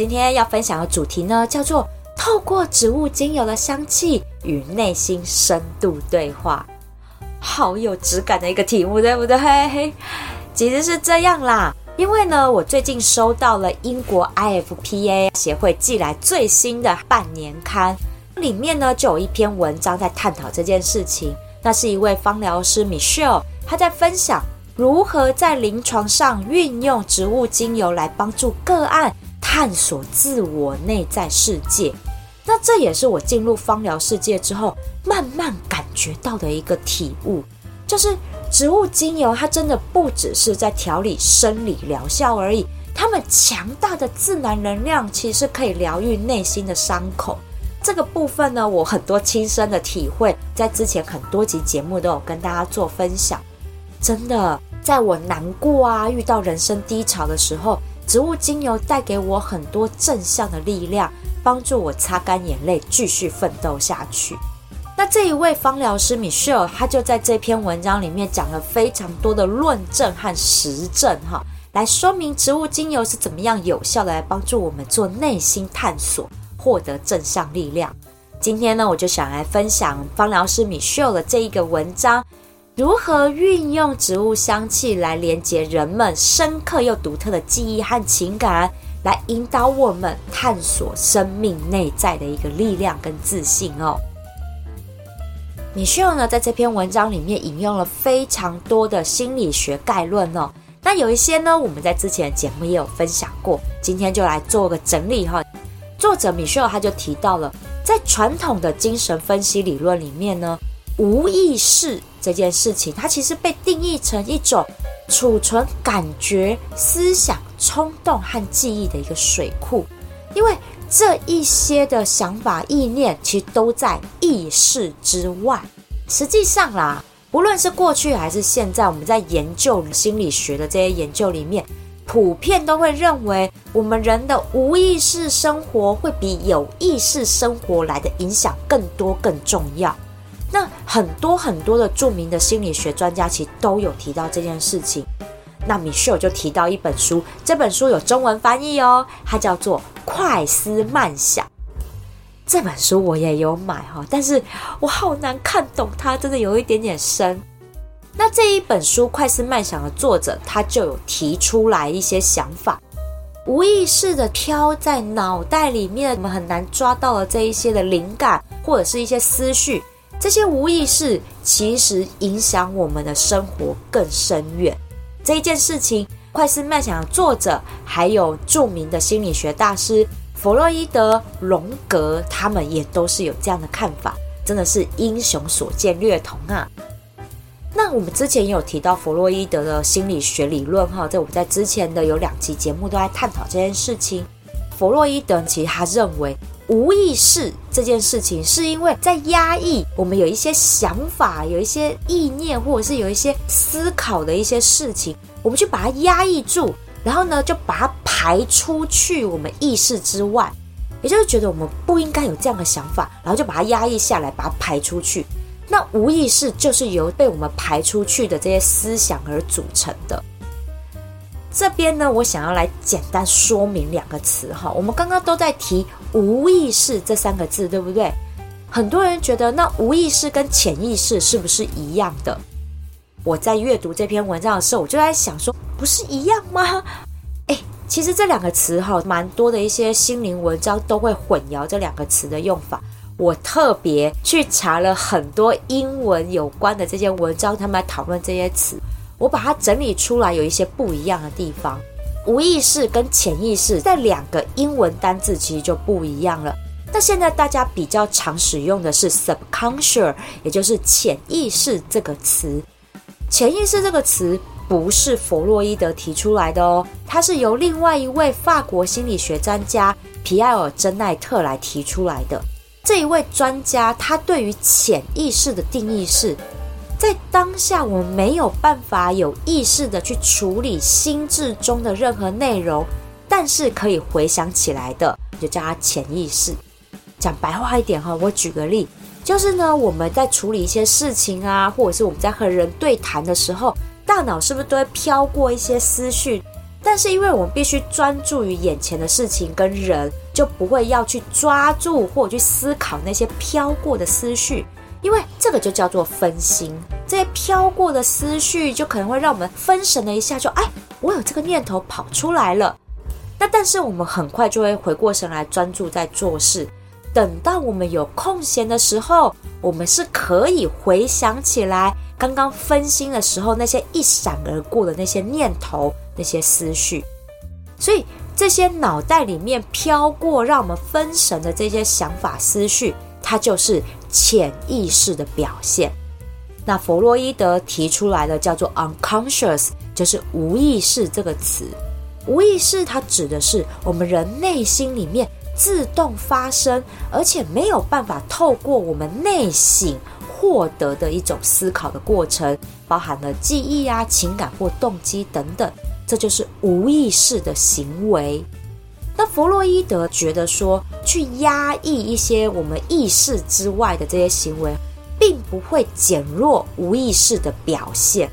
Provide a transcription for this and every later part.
今天要分享的主題呢，叫做“透過植物精油的香氣與內心深度對話”，好有質感的一個題目，對不對？嘿嘿，其實是這樣啦，因為呢，我最近收到了英國 IFPA 協會寄來最新的半年刊，裡面呢就有一篇文章在探討這件事情。那是一位芳療師 Michele，他在分享如何在臨床上運用植物精油來幫助個案。探索自我內在世界，那這也是我進入芳療世界之後慢慢感覺到的一個體悟，就是植物精油它真的不只是在調理生理療效而已，它們強大的自然能量其實可以療癒內心的傷口。這個部分呢，我很多親身的體會，在之前很多集節目都有跟大家做分享。真的，在我難過啊，遇到人生低潮的時候。植物精油帶給我很多正向的力量，幫助我擦乾眼淚，繼續奮鬥下去。那這一位芳療師 Michele，她就在這篇文章裡面講了非常多的論證和實證，哈，來說明植物精油是怎麼樣有效的來幫助我們做內心探索，獲得正向力量。今天呢，我就想來分享芳療師 Michele 的這一個文章。如何運用植物香氣來連接人們深刻又獨特的記憶和情感，來引導我們探索生命內在的一個力量跟自信哦。米歇爾呢，在這篇文章裡面引用了非常多的心理學概論哦。那有一些呢，我們在之前節目也有分享過，今天就來做個整理哈、哦。作者米歇爾他就提到了，在傳統的精神分析理論裡面呢，無意識。這件事情，它其實被定義成一種儲存感覺、思想、衝動和記憶的一個水庫，因為這一些的想法、意念其實都在意識之外。實際上啦，不論是過去還是現在，我們在研究心理學的這些研究裡面，普遍都會認為，我們人的無意識生活會比有意識生活來的影響更多、更重要。那很多很多的著名的心理學專家，其實都有提到這件事情。那 Michele 就提到一本書，這本書有中文翻譯哦，它叫做《快思慢想》。這本書我也有買哈，但是我好難看懂它，它真的有一點點深。那這一本書《快思慢想》的作者，他就有提出來一些想法：無意識的飄在腦袋裡面，我們很難抓到了這一些的靈感或者是一些思緒。這些無意識其實影響我們的生活更深遠。這一件事情，《快思慢想》作者，還有著名的心理學大師弗洛伊德、榮格，他們也都是有這樣的看法，真的是英雄所見略同啊。那我們之前也有提到弗洛伊德的心理學理論哈，在我們在之前的有兩期節目都在探討這件事情。弗洛伊德其實他認為。無意識這件事情，是因為在壓抑我們有一些想法、有一些意念，或者是有一些思考的一些事情，我們就把它壓抑住，然後呢，就把它排出去，我們意識之外，也就是覺得我們不應該有這樣的想法，然後就把它壓抑下來，把它排出去。那無意識就是由被我們排出去的這些思想而組成的。這邊呢，我想要來簡單說明兩個詞哈，我們剛剛都在提。無意識這三個字，對不對？很多人覺得那無意識跟潛意識是不是一樣的？我在閱讀這篇文章的時候，我就在想說，不是一樣嗎？誒，其實這兩個詞哈，蠻多的一些心靈文章都會混淆這兩個詞的用法。我特別去查了很多英文有關的這些文章，他們來討論這些詞，我把它整理出來，有一些不一樣的地方。無意識跟潛意識在兩個英文單字其實就不一樣了。那現在大家比較常使用的是 subconscious，也就是潛意識這個詞。潛意識這個詞不是弗洛伊德提出來的哦，它是由另外一位法國心理學專家皮埃爾·珍奈特來提出來的。這一位專家，他對於潛意識的定義是。在當下，我們沒有辦法有意識的去處理心智中的任何內容，但是可以回想起來的，就叫它潛意識。講白話一點哈，我舉個例，就是呢，我們在處理一些事情啊，或者是我們在和人對談的時候，大腦是不是都會飄過一些思緒？但是因為我們必須專注於眼前的事情跟人，就不會要去抓住或者去思考那些飄過的思緒。因為這個就叫做分心，這些飄過的思緒就可能會讓我們分神了一下就，就哎，我有這個念頭跑出來了。那但是我們很快就會回過神來，專注在做事。等到我們有空閒的時候，我們是可以回想起來剛剛分心的時候那些一閃而過的那些念頭、那些思緒。所以這些腦袋裡面飄過讓我們分神的這些想法、思緒，它就是。潛意識的表現，那弗洛伊德提出來的叫做 unconscious，就是無意識這個詞。無意識它指的是我們人內心裡面自動發生，而且沒有辦法透過我們內心獲得的一種思考的過程，包含了記憶啊、情感或動機等等，這就是無意識的行為。那弗洛伊德覺得說，去壓抑一些我們意識之外的這些行為，並不會減弱無意識的表現。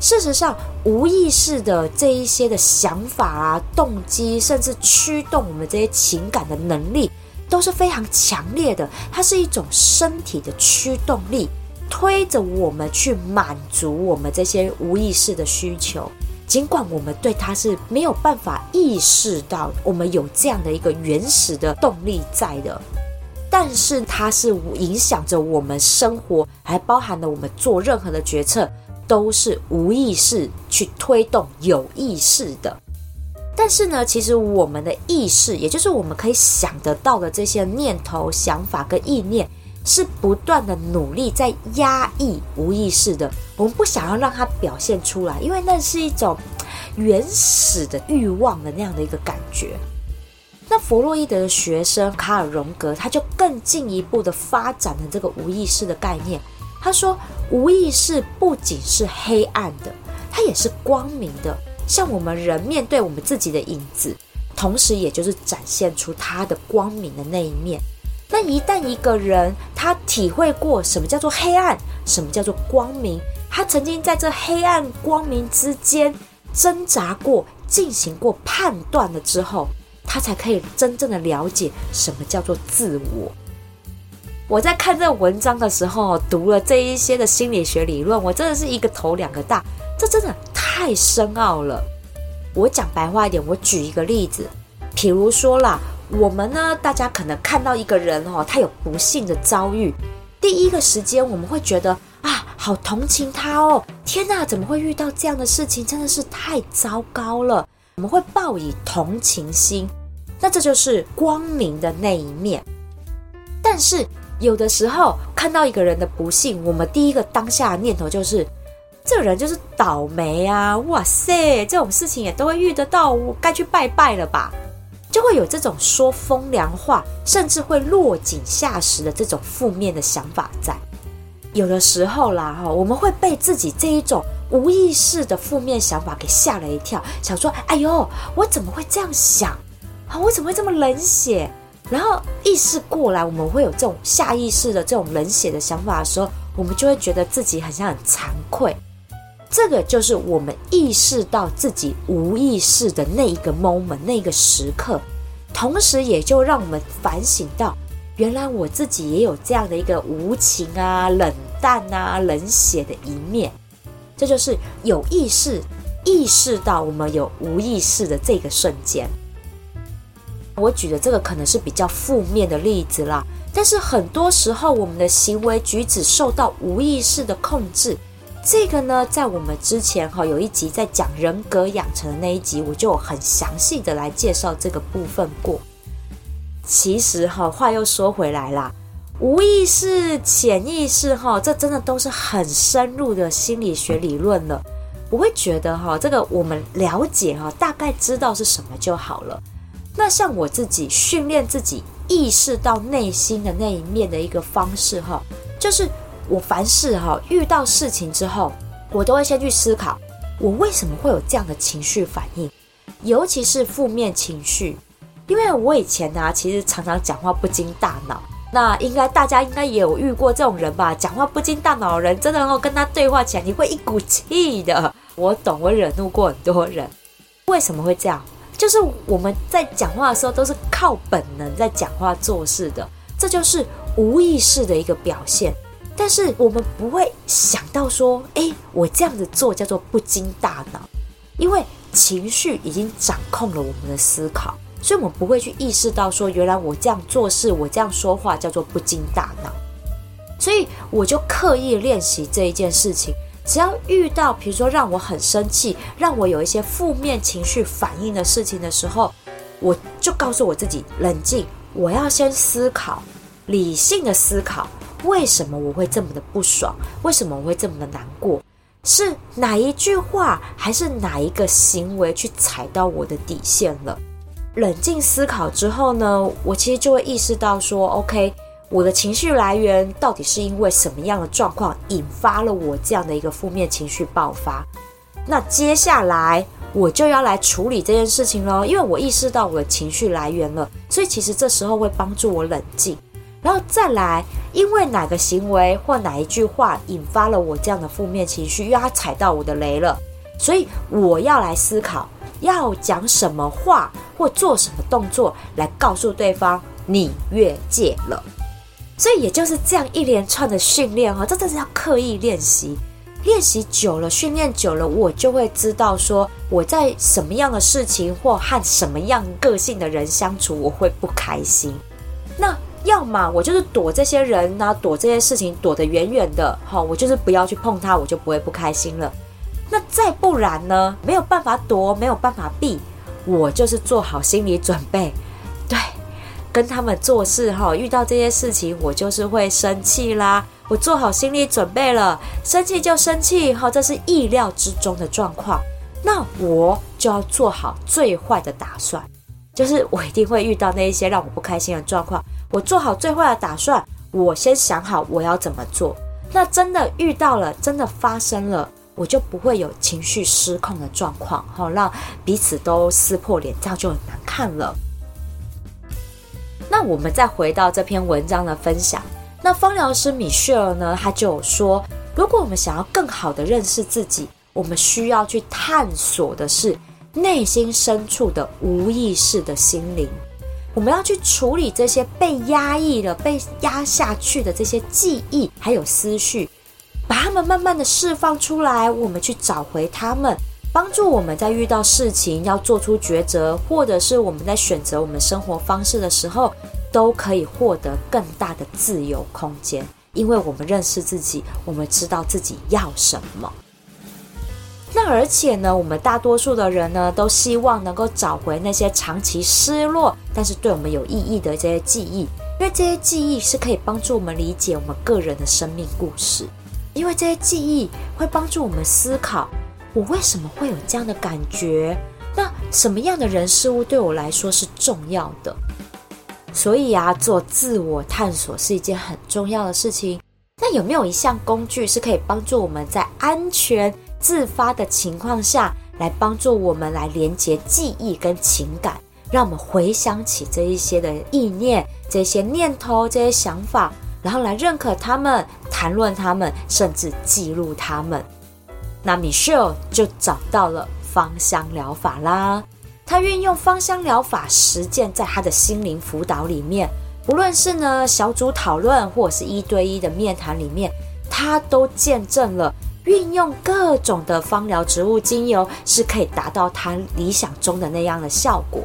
事實上，無意識的這一些的想法啊、動機，甚至驅動我們這些情感的能力，都是非常強烈的。它是一種身體的驅動力，推着我們去滿足我們這些無意識的需求。儘管我們對它是沒有辦法意識到，我們有這樣的一個原始的動力在的，但是它是影響着我們生活，還包含了我們做任何的決策都是無意識去推動有意識的。但是呢，其實我們的意識，也就是我們可以想得到的這些念頭、想法跟意念。是不斷的努力在壓抑無意識的，我們不想要讓它表現出來，因為那是一種原始的慾望的那樣的一個感覺。那弗洛伊德的學生卡爾榮格他就更進一步的發展了這個無意識的概念。他說，無意識不僅是黑暗的，它也是光明的。像我們人面對我們自己的影子，同時也就是展現出他的光明的那一面。那一旦一個人他體會過什麼叫做黑暗，什麼叫做光明，他曾經在這黑暗光明之間掙扎過、進行過判斷了之後，他才可以真正的了解什麼叫做自我。我在看這文章的時候，讀了這一些的心理學理論，我真的是一個頭兩個大，這真的太深奧了。我講白話一點，我舉一個例子，譬如說啦。我們呢？大家可能看到一個人哦，他有不幸的遭遇，第一個時間我們會覺得啊，好同情他哦！天哪，怎麼會遇到這樣的事情？真的是太糟糕了！我們會抱以同情心，那這就是光明的那一面。但是有的時候看到一個人的不幸，我們第一個當下的念頭就是，這人就是倒霉啊！哇塞，這種事情也都會遇得到，我該去拜拜了吧？就會有這種說風涼話，甚至會落井下石的這種負面的想法在。有的時候啦，哈，我們會被自己這一種無意識的負面想法給嚇了一跳，想說：哎呦，我怎麼會這樣想啊？我怎麼會這麼冷血？然後意識過來，我們會有這種下意識的這種冷血的想法的時候，我們就會覺得自己好像很慚愧。這個就是我們意識到自己無意識的那一個 moment，那一個時刻，同時也就讓我們反省到，原來我自己也有這樣的一個無情啊、冷淡啊、冷血的一面。這就是有意識意識到我們有無意識的這個瞬間。我舉的這個可能是比較負面的例子啦，但是很多時候我們的行為舉止受到無意識的控制。這個呢，在我們之前哈，有一集在講人格養成的那一集，我就很詳細的來介紹這個部分過。其實哈，話又說回來啦，無意識、潛意識哈，這真的都是很深入的心理學理論了。我會覺得哈，這個我們了解哈，大概知道是什麼就好了。那像我自己訓練自己意識到內心的那一面的一個方式哈，就是。我凡事哈、哦、遇到事情之後，我都會先去思考，我為什麼會有這樣的情緒反應？尤其是負面情緒。因為我以前呢、啊，其實常常講話不經大腦。那應該大家應該也有遇過這種人吧？講話不經大腦的人，真的能夠跟他對話起來，你會一股氣的。我懂，我惹怒過很多人。為什麼會這樣？就是我們在講話的時候，都是靠本能在講話做事的，這就是無意識的一個表現。但是我們不會想到說，哎、欸，我這樣子做叫做不經大腦，因為情緒已經掌控了我們的思考，所以我們不會去意識到說，原來我這樣做事，我這樣說話叫做不經大腦。所以我就刻意練習這一件事情，只要遇到比如說讓我很生氣，讓我有一些負面情緒反應的事情的時候，我就告訴我自己冷靜，我要先思考，理性的思考。為什麼我會這麼的不爽？為什麼我會這麼的難過？是哪一句話，還是哪一個行為去踩到我的底線了？冷靜思考之後呢，我其實就會意識到說，OK，我的情緒來源到底是因為什麼樣的狀況引發了我這樣的一個負面情緒爆發？那接下來我就要來處理這件事情咯，因為我意識到我的情緒來源了，所以其實這時候會幫助我冷靜。然後再來，因為哪個行為或哪一句話引發了我這樣的負面情緒，因為他踩到我的雷了，所以我要來思考要講什麼話或做什麼動作來告訴對方你越界了。所以也就是這樣一連串的訓練哈、哦，這真的是要刻意練習，練習久了，訓練久了，我就會知道說我在什麼樣的事情或和什麼樣個性的人相處我會不開心。那。要麼我就是躲這些人啊，躲這些事情，躲得遠遠的、哦。我就是不要去碰他，我就不會不開心了。那再不然呢？沒有辦法躲，沒有辦法避，我就是做好心理準備。對，跟他們做事哈、哦，遇到這些事情，我就是會生氣啦。我做好心理準備了，生氣就生氣哈、哦，這是意料之中的狀況。那我就要做好最壞的打算，就是我一定會遇到那一些讓我不開心的狀況。我做好最壞的打算，我先想好我要怎麼做。那真的遇到了，真的發生了，我就不會有情緒失控的狀況，哈，讓彼此都撕破臉，這樣就很難看了。那我們再回到這篇文章的分享，那芳療師米歇爾呢，他就有說，如果我們想要更好的認識自己，我們需要去探索的是內心深處的無意識的心靈。我們要去處理這些被壓抑的、被壓下去的這些記憶，還有思緒，把它們慢慢的釋放出來。我們去找回它們，幫助我們在遇到事情要做出抉擇，或者是我們在選擇我們生活方式的時候，都可以獲得更大的自由空間。因為我們認識自己，我們知道自己要什麼。那而且呢，我們大多數的人呢，都希望能夠找回那些長期失落，但是對我們有意義的這些記憶，因為這些記憶是可以幫助我們理解我們個人的生命故事，因為這些記憶會幫助我們思考我為什麼會有這樣的感覺，那什麼樣的人事物對我來說是重要的？所以啊，做自我探索是一件很重要的事情。那有沒有一項工具是可以幫助我們在安全、自發的情況下來幫助我們來連接記憶跟情感，讓我們回想起這一些的意念、這些念頭、這些想法，然後來認可他們、談論他們，甚至記錄他們。那 Michelle 就找到了芳香療法啦，他運用芳香療法實踐在他的心靈輔導裡面，不論是呢，小組討論或者是一對一的面談裡面，他都見證了。運用各種的芳療植物精油是可以達到他理想中的那樣的效果。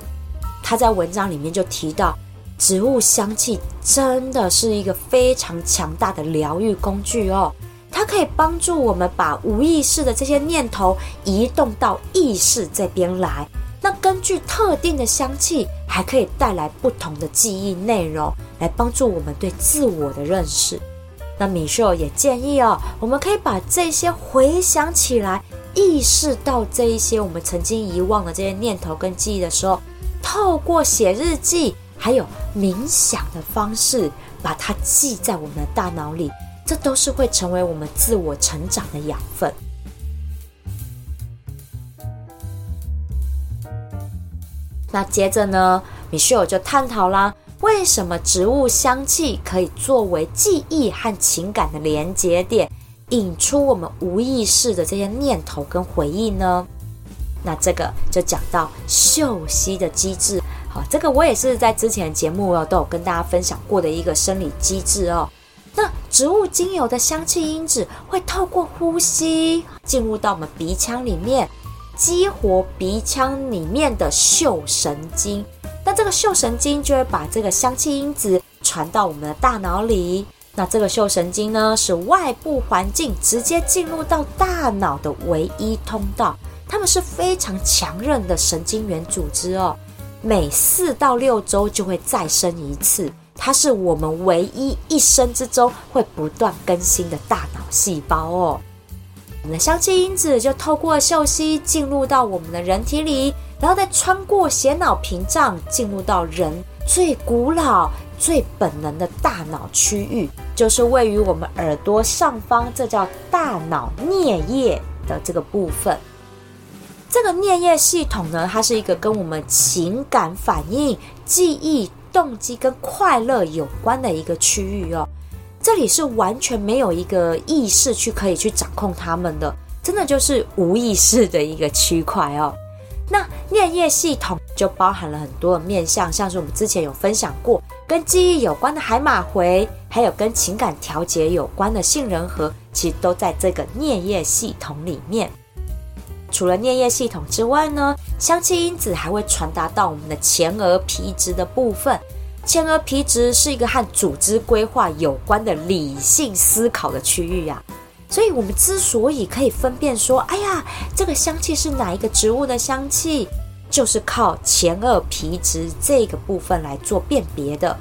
他在文章裡面就提到，植物香氣真的是一個非常強大的療癒工具哦。它可以幫助我們把無意識的這些念頭移動到意識這邊來。那根據特定的香氣，還可以帶來不同的記憶內容，來幫助我們對自我的認識。那 Michele 也建議哦，我們可以把這些回想起來，意識到這一些我們曾經遺忘的這些念頭跟記憶的時候，透過寫日記，還有冥想的方式，把它記在我們的大腦裡，這都是會成為我們自我成長的養分。那接着呢，Michele 就探討啦。為什麼植物香氣可以作為記憶和情感的連結點，引出我們無意識的這些念頭跟回憶呢？那這個就講到嗅吸的機制。好，這個我也是在之前的節目哦，都有跟大家分享過的一個生理機制哦。那植物精油的香氣因子會透過呼吸進入到我們鼻腔裡面，激活鼻腔裡面的嗅神經。那這個嗅神經就會把這個香氣因子傳到我們的大腦裡。那這個嗅神經呢，是外部環境直接進入到大腦的唯一通道。它們是非常強韌的神經元組織哦，每四到六週就會再生一次。它是我們唯一一生之中會不斷更新的大腦細胞哦。我們的香氣因子就透過嗅吸進入到我們的人體裡。然後再穿過血腦屏障，進入到人最古老、最本能的大腦區域，就是位於我們耳朵上方，這叫大腦顳葉的這個部分。這個顳葉系統呢，它是一個跟我們情感反應、記憶、動機跟快樂有關的一個區域哦。這裡是完全沒有一個意識去可以去掌控它們的，真的就是無意識的一個區塊哦。那顳葉系統就包含了很多的面向，像是我們之前有分享過跟記憶有關的海馬回，還有跟情感調節有關的杏仁核，其實都在這個顳葉系統裡面。除了顳葉系統之外呢，香氣因子還會傳達到我們的前額皮質的部分，前額皮質是一個和組織規劃有關的理性思考的區域呀、啊。所以我們之所以可以分辨說，哎呀，這個香氣是哪一個植物的香氣，就是靠前額皮質這個部分來做辨別的。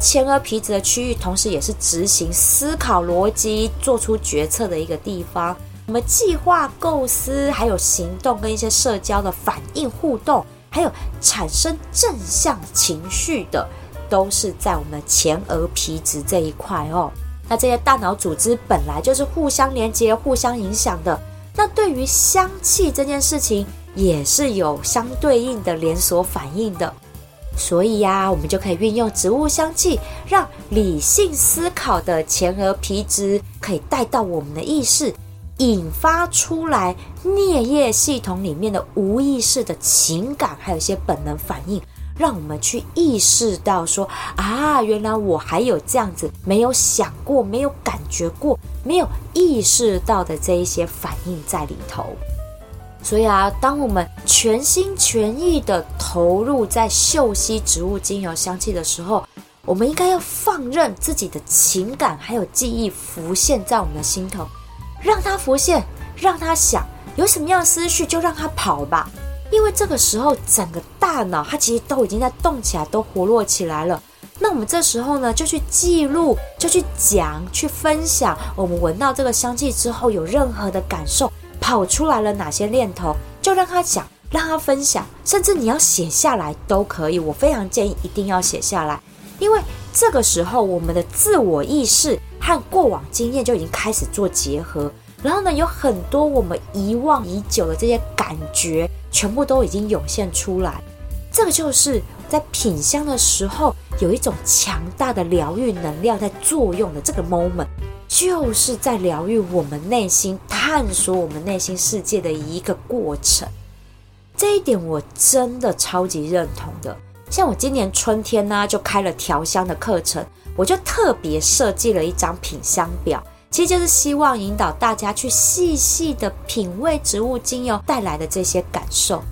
前額皮質的區域，同時也是執行思考邏輯、做出決策的一個地方。我們計劃、構思，還有行動跟一些社交的反應、互動，還有產生正向情緒的，都是在我們的前額皮質這一塊哦。那這些大腦組織本來就是互相連接、互相影響的。那對於香氣這件事情，也是有相對應的連鎖反應的。所以呀，我們就可以運用植物香氣，讓理性思考的前額皮質可以帶到我們的意識，引發出來顳葉系統裡面的無意識的情感，還有一些本能反應。讓我們去意識到說，說啊，原來我還有這樣子沒有想過、沒有感覺過、沒有意識到的這一些反應在裡頭。所以啊，當我們全心全意的投入在嗅吸植物精油香氣的時候，我們應該要放任自己的情感還有記憶浮現在我們的心頭，讓它浮現，讓它想有什麼樣的思緒就讓它跑吧。因為這個時候，整個大腦它其實都已經在動起來，都活絡起來了。那我們這時候呢，就去記錄，就去講，去分享。我們聞到這個香氣之後有任何的感受，跑出來了哪些念頭，就讓他講，讓他分享，甚至你要寫下來都可以。我非常建議一定要寫下來，因為這個時候我們的自我意識和過往經驗就已經開始做結合。然後呢，有很多我們遺忘已久的這些感覺，全部都已經湧現出來。這個就是在品香的時候，有一種強大的療癒能量在作用的。這個 moment 就是在療癒我們內心、探索我們內心世界的一個過程。這一點我真的超級認同的。像我今年春天呢、啊，就開了調香的課程，我就特別設計了一張品香表。其實就是希望引導大家去細細的品味植物精油帶來的這些感受。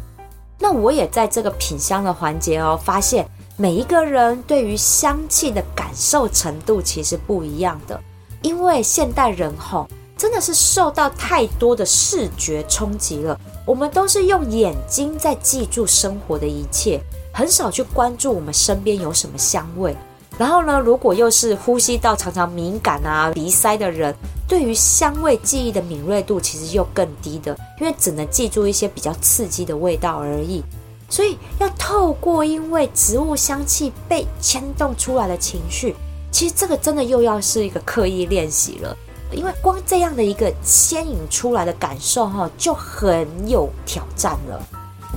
那我也在這個品香的環節哦，發現每一個人對於香氣的感受程度其實不一樣的。因為現代人吼真的是受到太多的視覺衝擊了，我們都是用眼睛在記住生活的一切，很少去關注我們身邊有什麼香味。然後呢，如果又是呼吸道常常敏感啊、鼻塞的人，對於香味記憶的敏銳度其實又更低的，因為只能記住一些比較刺激的味道而已。所以要透過因為植物香氣被牽動出來的情緒，其實這個真的又要是一個刻意練習了，因為光這樣的一個牽引出來的感受哈、哦，就很有挑戰了。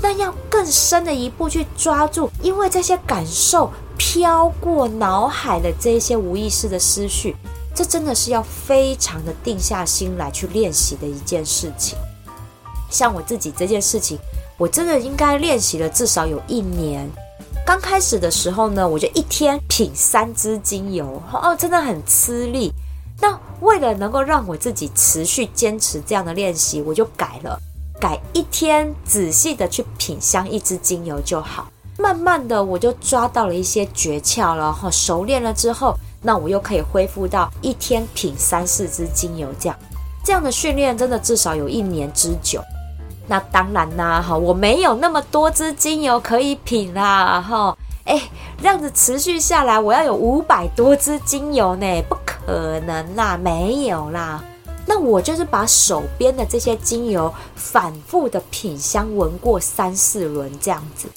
那要更深的一步去抓住，因為這些感受。飄過腦海的這些無意識的思緒，這真的是要非常的定下心來去練習的一件事情。像我自己這件事情，我真的應該練習了至少有一年。剛開始的時候呢，我就一天品三支精油，哦，真的很吃力。那為了能夠讓我自己持續堅持這樣的練習，我就改了，改一天仔細的去品香一支精油就好。慢慢的，我就抓到了一些訣竅了哈，熟練了之後，那我又可以恢復到一天品三四支精油這樣。這樣的訓練真的至少有一年之久。那當然啦哈，我沒有那麼多支精油可以品啦哈，哎、欸，這樣子持續下來，我要有五百多支精油呢，不可能啦，沒有啦。那我就是把手邊的這些精油反覆的品香聞過三四輪這樣子。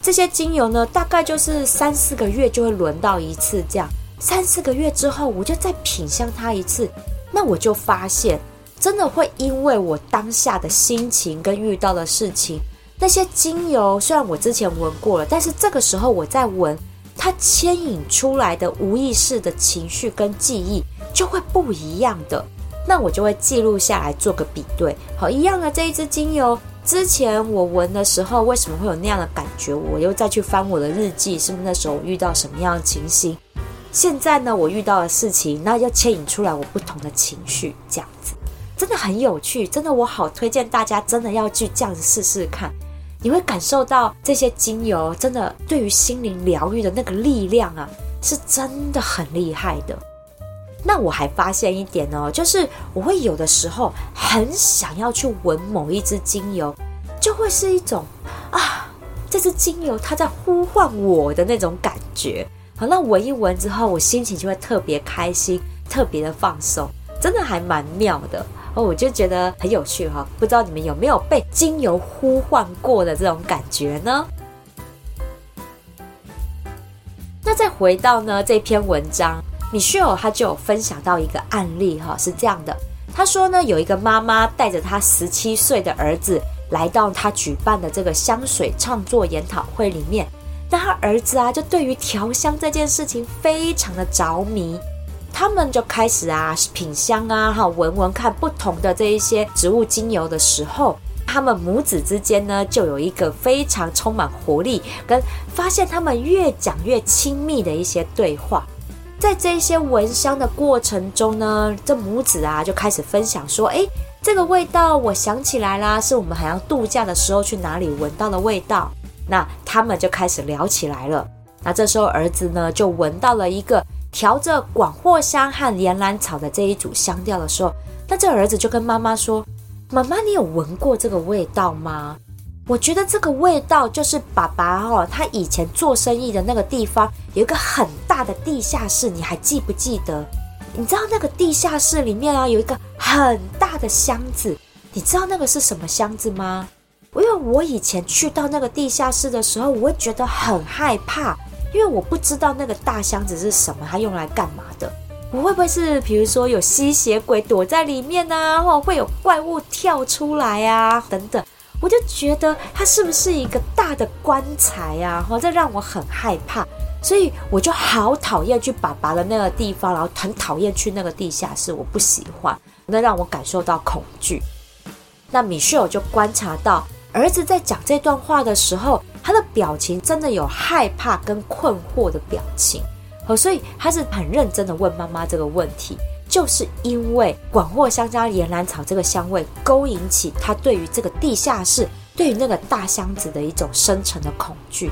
這些精油呢，大概就是三四個月就會輪到一次這樣。三四個月之後，我就再品香它一次，那我就發現，真的會因為我當下的心情跟遇到的事情，那些精油雖然我之前聞過了，但是這個時候我再聞，它牽引出來的無意識的情緒跟記憶就會不一樣的。那我就會記錄下來做個比對。好，一樣啊，這一支精油。之前我聞的時候，為什麼會有那樣的感覺？我又再去翻我的日記，是不是那時候遇到什麼樣的情形？現在呢，我遇到的事情，那要牽引出來我不同的情緒，這樣子真的很有趣。真的，我好推薦大家，真的要去這樣子試試看，你會感受到這些精油真的對於心靈療癒的那個力量啊，是真的很厲害的。那我還發現一點哦，就是我會有的時候很想要去聞某一支精油，就會是一種啊，這支精油它在呼喚我的那種感覺。好，那聞一聞之後，我心情就會特別開心，特別的放鬆，真的還蠻妙的哦。我就覺得很有趣哈哦，不知道你們有沒有被精油呼喚過的這種感覺呢？那再回到呢這篇文章。Michele 他就有分享到一個案例哈，是這樣的，他說呢，有一個媽媽帶着他十七歲的兒子來到他舉辦的這個香水創作研討會裡面，那他兒子啊就對於調香這件事情非常的着迷，他們就開始啊品香啊哈聞聞看不同的這一些植物精油的時候，他們母子之間呢就有一個非常充滿活力跟發現他們越講越親密的一些對話。在這些聞香的過程中呢，這母子啊就開始分享說，哎，這個味道我想起來啦，是我們好像度假的時候去哪裡聞到的味道。那他們就開始聊起來了。那這時候兒子呢就聞到了一個調着廣藿香和岩蘭草的這一組香調的時候，那這兒子就跟媽媽說：“媽媽，你有聞過這個味道嗎？”我覺得這個味道就是爸爸哦，他以前做生意的那個地方有一個很大的地下室，你還記不記得？你知道那個地下室裡面啊有一個很大的箱子，你知道那個是什麼箱子嗎？因為我以前去到那個地下室的時候，我會覺得很害怕，因為我不知道那個大箱子是什麼，它用來幹嘛的？我會不會是比如說有吸血鬼躲在裡面啊，或會有怪物跳出來啊？等等。我就覺得他是不是一個大的棺材啊哈，這讓我很害怕，所以我就好討厭去爸爸的那個地方，然後很討厭去那個地下室，我不喜歡，那讓我感受到恐懼。那米秀就觀察到兒子在講這段話的時候，他的表情真的有害怕跟困惑的表情，所以他是很認真的問媽媽這個問題。就是因為廣藿香加岩蘭草這個香味勾引起他對於這個地下室，對於那個大箱子的一種深沉的恐懼。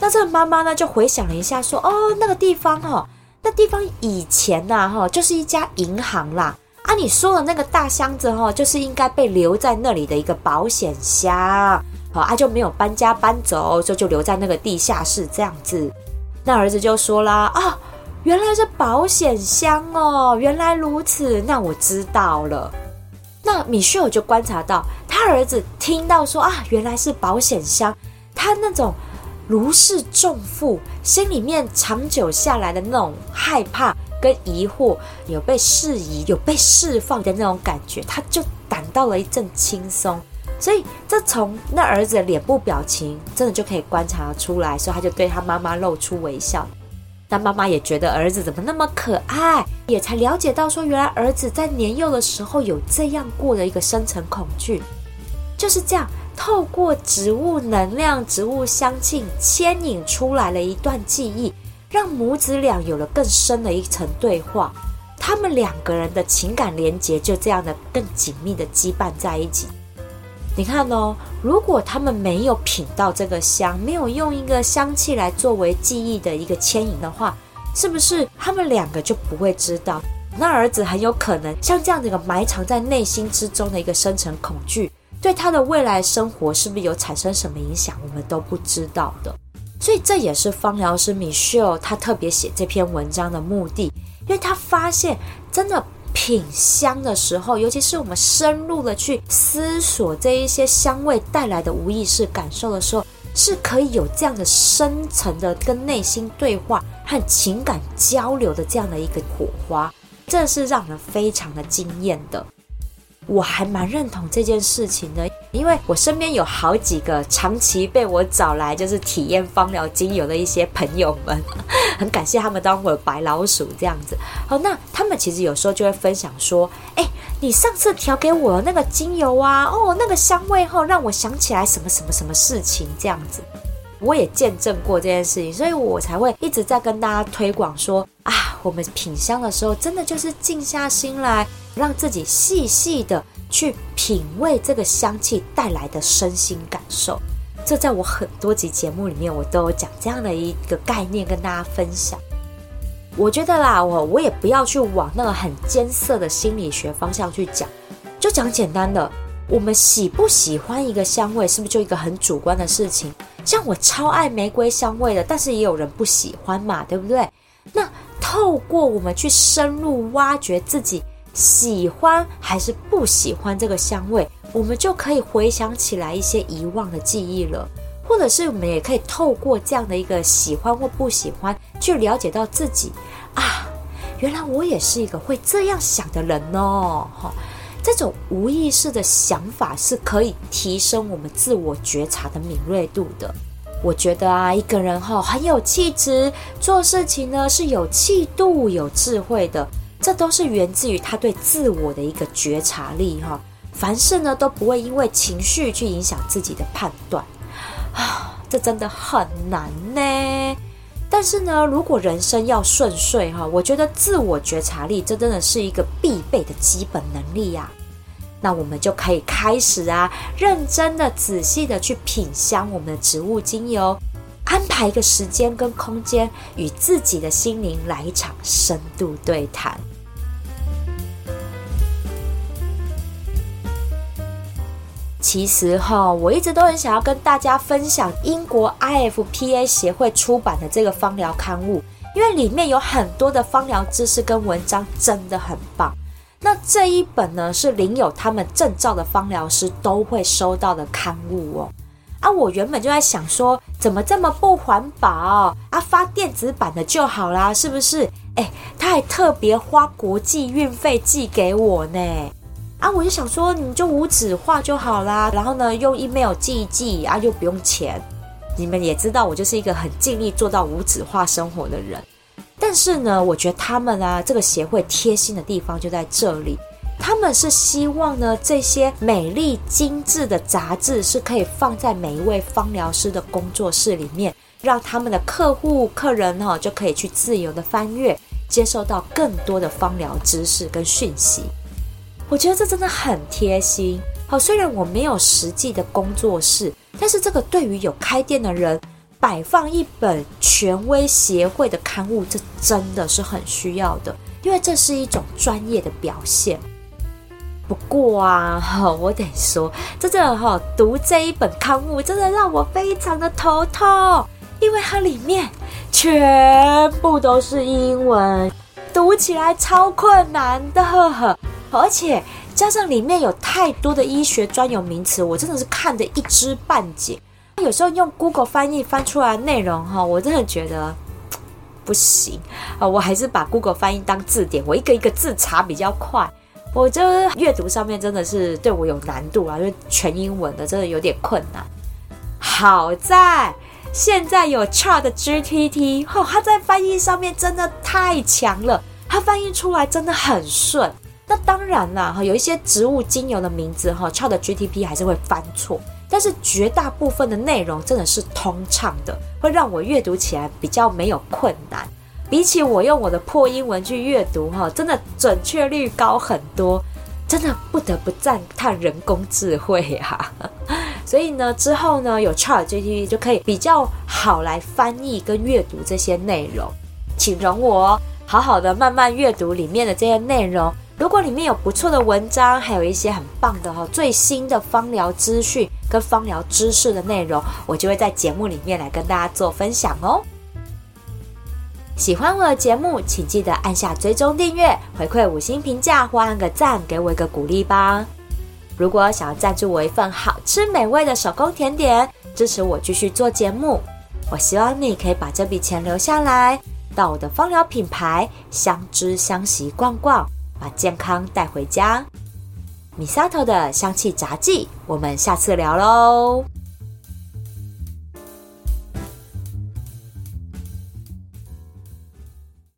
那這個媽媽呢，就回想了一下，說：“哦，那個地方哦，那地方以前吶、啊、哈、哦，就是一家銀行啦。啊，你說的那個大箱子哈、哦，就是應該被留在那裡的一個保險箱，好、哦、啊，就沒有搬家搬走，就就留在那個地下室這樣子。”那兒子就說啦：“啊、哦。”原來是保險箱哦，原來如此，那我知道了。那米歇爾我就觀察到，他兒子聽到說啊，原來是保險箱，他那種如釋重負，心裡面長久下來的那種害怕跟疑惑有被釋疑、有被釋放的那種感覺，他就感到了一陣輕鬆。所以這從那兒子的臉部表情真的就可以觀察出來，所以他就對他媽媽露出微笑。但媽媽也覺得兒子怎麼那麼可愛，也才了解到說，原來兒子在年幼的時候有這樣過的一個深層恐懼，就是這樣透過植物能量、植物香氣牽引出來了一段記憶，讓母子倆有了更深的一層對話，他們兩個人的情感連接，就這樣的更緊密的羈絆在一起。你看哦，如果他們沒有品到這個香，沒有用一個香氣來作為記憶的一個牽引的話，是不是他們兩個就不會知道？那兒子很有可能像這樣的一個埋藏在內心之中的一個深層恐懼，對他的未來生活是不是有產生什麼影響？我們都不知道的。所以這也是芳療師米秀他特別寫這篇文章的目的，因為他發現真的。品香的時候，尤其是我們深入的去思索這一些香味帶來的無意識感受的時候，是可以有這樣的深層的跟內心對話和情感交流的這樣的一個火花，這是讓人非常的驚艷的。我還蠻認同這件事情的，因為我身邊有好幾個長期被我找來就是體驗芳療精油的一些朋友們，很感謝他們當我的白老鼠這樣子。好，那他們其實有時候就會分享說：“欸，你上次調給我的那個精油啊，哦，那個香味後讓我想起來什麼什麼什麼事情這樣子。”我也見證過這件事情，所以我才會一直在跟大家推廣說：“啊，我們品香的時候真的就是靜下心來。”讓自己細細的去品味這個香氣帶來的身心感受，這在我很多集節目裡面，我都有講這樣的一個概念跟大家分享。我覺得啦，我我也不要去往那個很艱澀的心理學方向去講，就講簡單的，我們喜不喜歡一個香味，是不是就一個很主觀的事情？像我超愛玫瑰香味的，但是也有人不喜歡嘛，對不對？那透過我們去深入挖掘自己。喜歡還是不喜歡這個香味，我們就可以回想起來一些遺忘的記憶了，或者是我們也可以透過這樣的一個喜歡或不喜歡，去了解到自己啊，原來我也是一個會這樣想的人哦。哈，這種無意識的想法是可以提升我們自我覺察的敏銳度的。我覺得啊，一個人哈，哦，很有氣質，做事情呢是有氣度、有智慧的。這都是源自於他對自我的一個覺察力哈、哦，凡事呢都不會因為情緒去影響自己的判斷，啊，這真的很難呢。但是呢，如果人生要順遂哈，我覺得自我覺察力這真的是一個必備的基本能力呀、啊。那我們就可以開始啊，認真的、仔細的去品香我們的植物精油，安排一個時間跟空間，與自己的心靈來一場深度對談。其實哈，我一直都很想要跟大家分享英國 IFPA 協會出版的這個芳療刊物，因為裡面有很多的芳療知識跟文章真的很棒。那這一本呢，是領有他們證照的芳療師都會收到的刊物哦。啊，我原本就在想說，怎麼這麼不環保？啊，發電子版的就好啦，是不是？誒，他還特別花國際運費寄給我呢。啊，我就想說，你就無紙化就好啦。然後呢，用 email 寄一寄啊，又不用錢。你們也知道，我就是一個很盡力做到無紙化生活的人。但是呢，我覺得他們啊，這個協會貼心的地方就在這裡。他們是希望呢，這些美麗精緻的雜誌是可以放在每一位芳療師的工作室裡面，讓他們的客戶客人哈、哦，就可以去自由的翻閱，接受到更多的芳療知識跟訊息。我覺得這真的很貼心。好，雖然我沒有實際的工作室，但是這個對於有開店的人，擺放一本權威協會的刊物，這真的是很需要的，因為這是一種專業的表現。不過啊，我得說，在這哈、哦、讀這一本刊物，真的讓我非常的頭痛，因為它裡面全部都是英文，讀起來超困難的。而且加上裡面有太多的醫學專有名詞，我真的是看得一知半解。有時候用 Google 翻譯翻出來的內容哈，我真的覺得不行啊、哦！我還是把 Google 翻譯當字典，我一個一個字查比較快。我覺得閱讀上面真的是對我有難度啊，因為全英文的真的有點困難。好在現在有 Chat GPT 哈、哦，它在翻譯上面真的太強了，它翻譯出來真的很順。那當然啦，哈，有一些植物精油的名字，哈，ChatGPT 還是會翻錯，但是絕大部分的內容真的是通暢的，會讓我閱讀起來比較沒有困難。比起我用我的破英文去閱讀，哈，真的準確率高很多，真的不得不讚嘆人工智慧呀、啊。所以呢，之後呢，有 ChatGPT 就可以比較好來翻譯跟閱讀這些內容，請容我好好的慢慢閱讀裡面的這些內容。如果裡面有不錯的文章，還有一些很棒的哈最新的芳療資訊跟芳療知識的內容，我就會在節目裡面來跟大家做分享哦。喜歡我的節目，請記得按下追蹤訂閱，回饋五星評價或按個讚，給我一個鼓勵吧。如果想要贊助我一份好吃美味的手工甜點，支持我繼續做節目，我希望你可以把這筆錢留下來，到我的芳療品牌香知香息逛逛。把健康帶回家，Misato 的香氣雜技，我們下次聊嘍。